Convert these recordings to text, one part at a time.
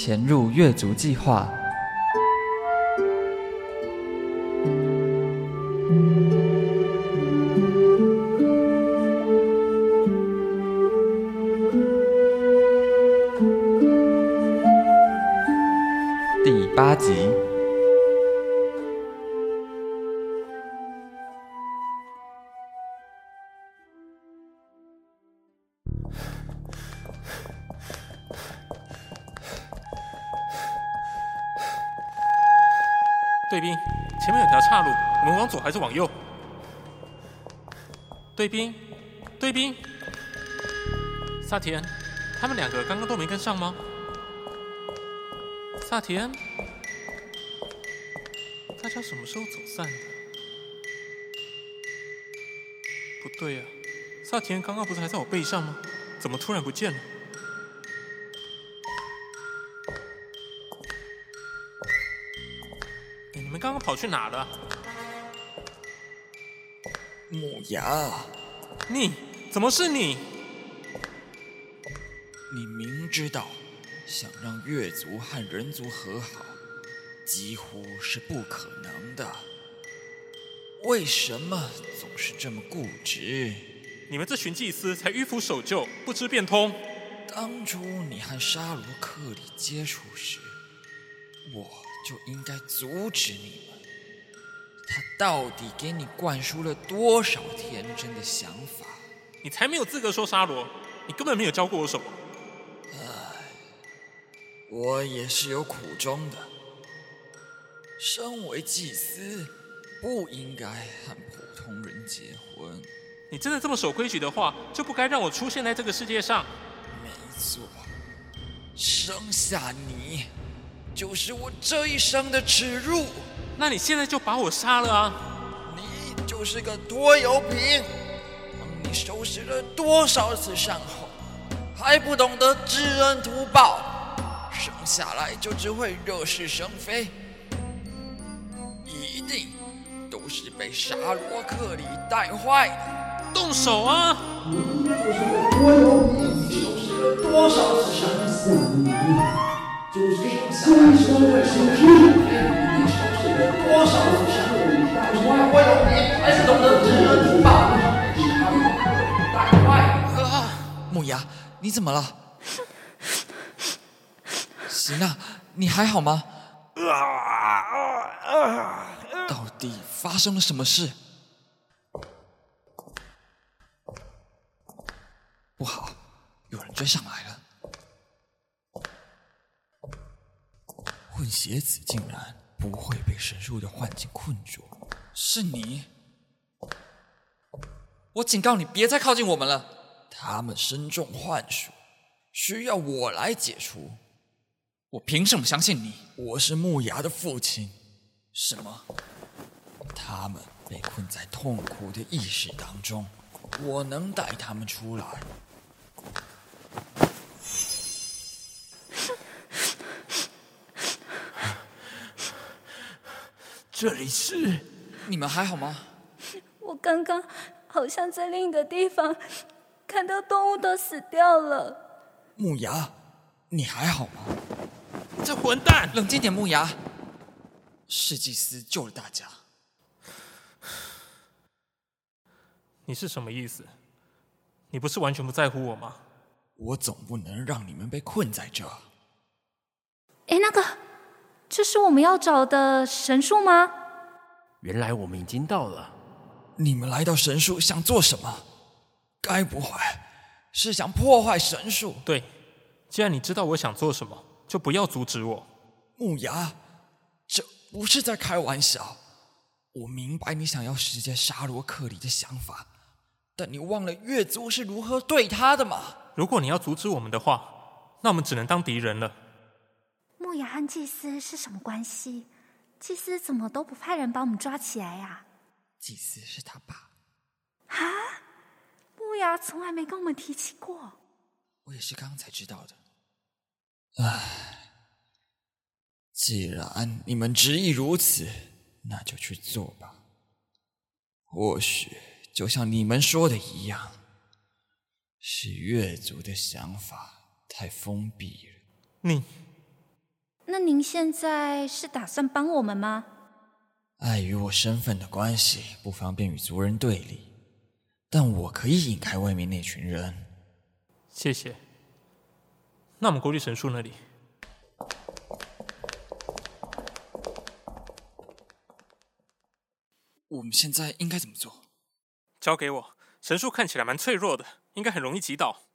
潛入月族計劃第八集。碓冰，前面有條岔路，我們往左還是往右？碓冰，碓冰，薩提恩，他們兩個剛剛都沒跟上嗎？薩提恩，大家什麼時候走散的？不對啊，薩提恩剛剛不是還在我背上嗎？怎麼突然不見了？你剛剛跑去哪了？木牙，你怎麼是你？你明知道想讓月族和人族和好，幾乎是不可能的，為什麼總是這麼固執？你們這群祭司才迂腐守舊，不知變通。當初你和沙羅克里接觸時，我。就應該阻止你們！他到底給你灌輸了多少天真的想法？你才沒有資格說沙羅，你根本沒有教過我什麼。唉，我也是有苦衷的。身為祭司，不應該和普通人結婚。你真的這麼守規矩的話，就不該讓我出現在這個世界上。沒錯，生下你，就是我這一生的恥辱。那你現在就把我殺了啊！你就是個拖油瓶，你收拾了多少次善後，還不懂得知恩圖報，生下來就只會惹是生非，一定都是被沙羅克里帶壞的。動手啊！你就是個拖油瓶，你收拾了多少次善後？啊、木牙，你怎麼了？西娜，你還好嗎？到底發生了什麼事？不好，有人追上來了。鞋子竟然不會被深入的幻境困住。是你！我警告你，別再靠近我們了。他們身中幻術，需要我來解除。我憑什麼相信你？我是木牙的父親。什麼？他們被困在痛苦的意識當中，我能帶他們出來。這裡是，你們還好嗎？我剛剛好像在另一個地方看到動物都死掉了。木牙，你還好嗎？這混蛋，冷靜點，木牙。是祭司救了大家。你是什麼意思？你不是完全不在乎我嗎？我總不能讓你們被困在這。哎，那個。這是我們要找的神樹嗎？原來我們已經到了。你們來到神樹想做什麼？該不會是想破壞神樹？對，既然你知道我想做什麼，就不要阻止我。木牙，這不是在開玩笑。我明白你想要實現沙羅克里的想法，但你忘了月族是如何對他的嗎？如果你要阻止我們的話，那我們只能當敵人了。木雅和祭司是什麼關係？祭司怎麼都不派人把我們抓起來呀、啊？祭司是他爸。啊！木雅從來沒跟我們提起過。我也是剛才知道的。唉，既然你們執意如此，那就去做吧。或許就像你們說的一樣，是月族的想法太封閉了。你。那您現在是打算幫我們嗎？礙於我身份的關係，不方便與族人對立，但我可以引開外面那群人。謝謝。那我們過去神樹那裡，我們現在應該怎麼做？交給我。神樹看起來蠻脆弱的，應該很容易擊倒。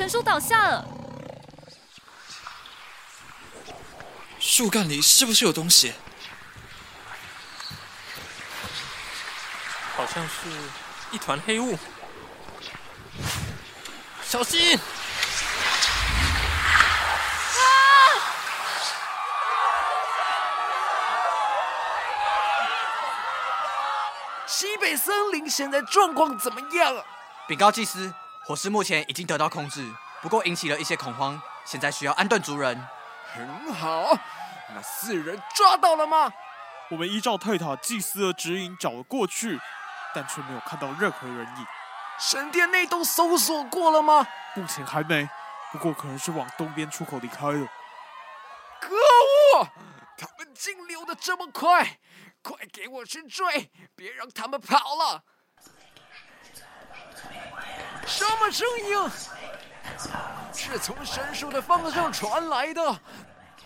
神樹倒下了，樹幹裡是不是有東西？好像是，一團黑霧。小心！啊！西北森林現在狀況怎麼樣啊？稟告祭司。火勢目前已經得到控制，不過引起了一些恐慌。現在需要安頓族人。很好，那四人抓到了嗎？我們依照泰塔祭司的指引找了過去，但卻沒有看到任何人影。神殿內都搜索過了嗎？目前還沒，不過可能是往東邊出口離開了。可惡，他們竟溜得這麼快！快給我去追，別讓他們跑了！什麼聲音？是從神樹的方向傳來的，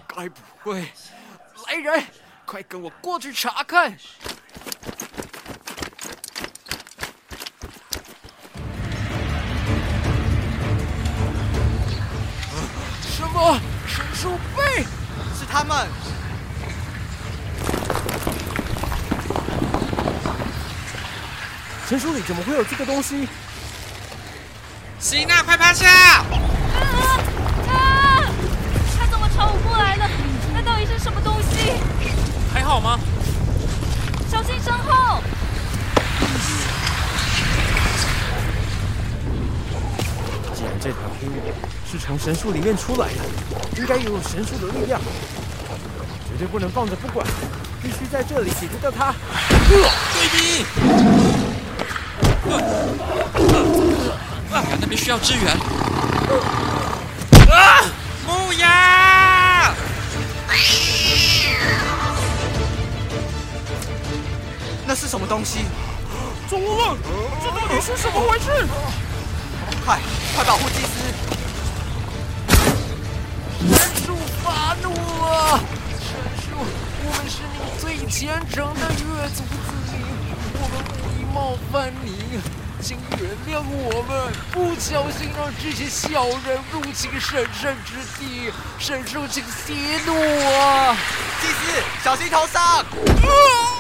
該不會……來人，快跟我過去查看！啊，什麼？神樹被……是他們？神樹裡怎麼會有這個東西？琳娜，快趴下！啊啊！它、啊、怎麼朝我過來了？那到底是什麼東西？還好嗎？小心身後！既然這條黑影是從神樹裡面出來的，應該有神樹的力量，絕對不能放着不管，必須在這裡解決掉他。射擊、呃！需要支援！啊，木羊！那是什麼東西？怎麼了？這到底是什麼回事？快，快保護祭司！神樹發怒了！神樹，我們是你最虔誠的月族子民，我們無意冒犯你。請原諒我們，不小心讓這些小人入侵神聖之地，神獸請息怒啊！祭司，小心頭上！啊！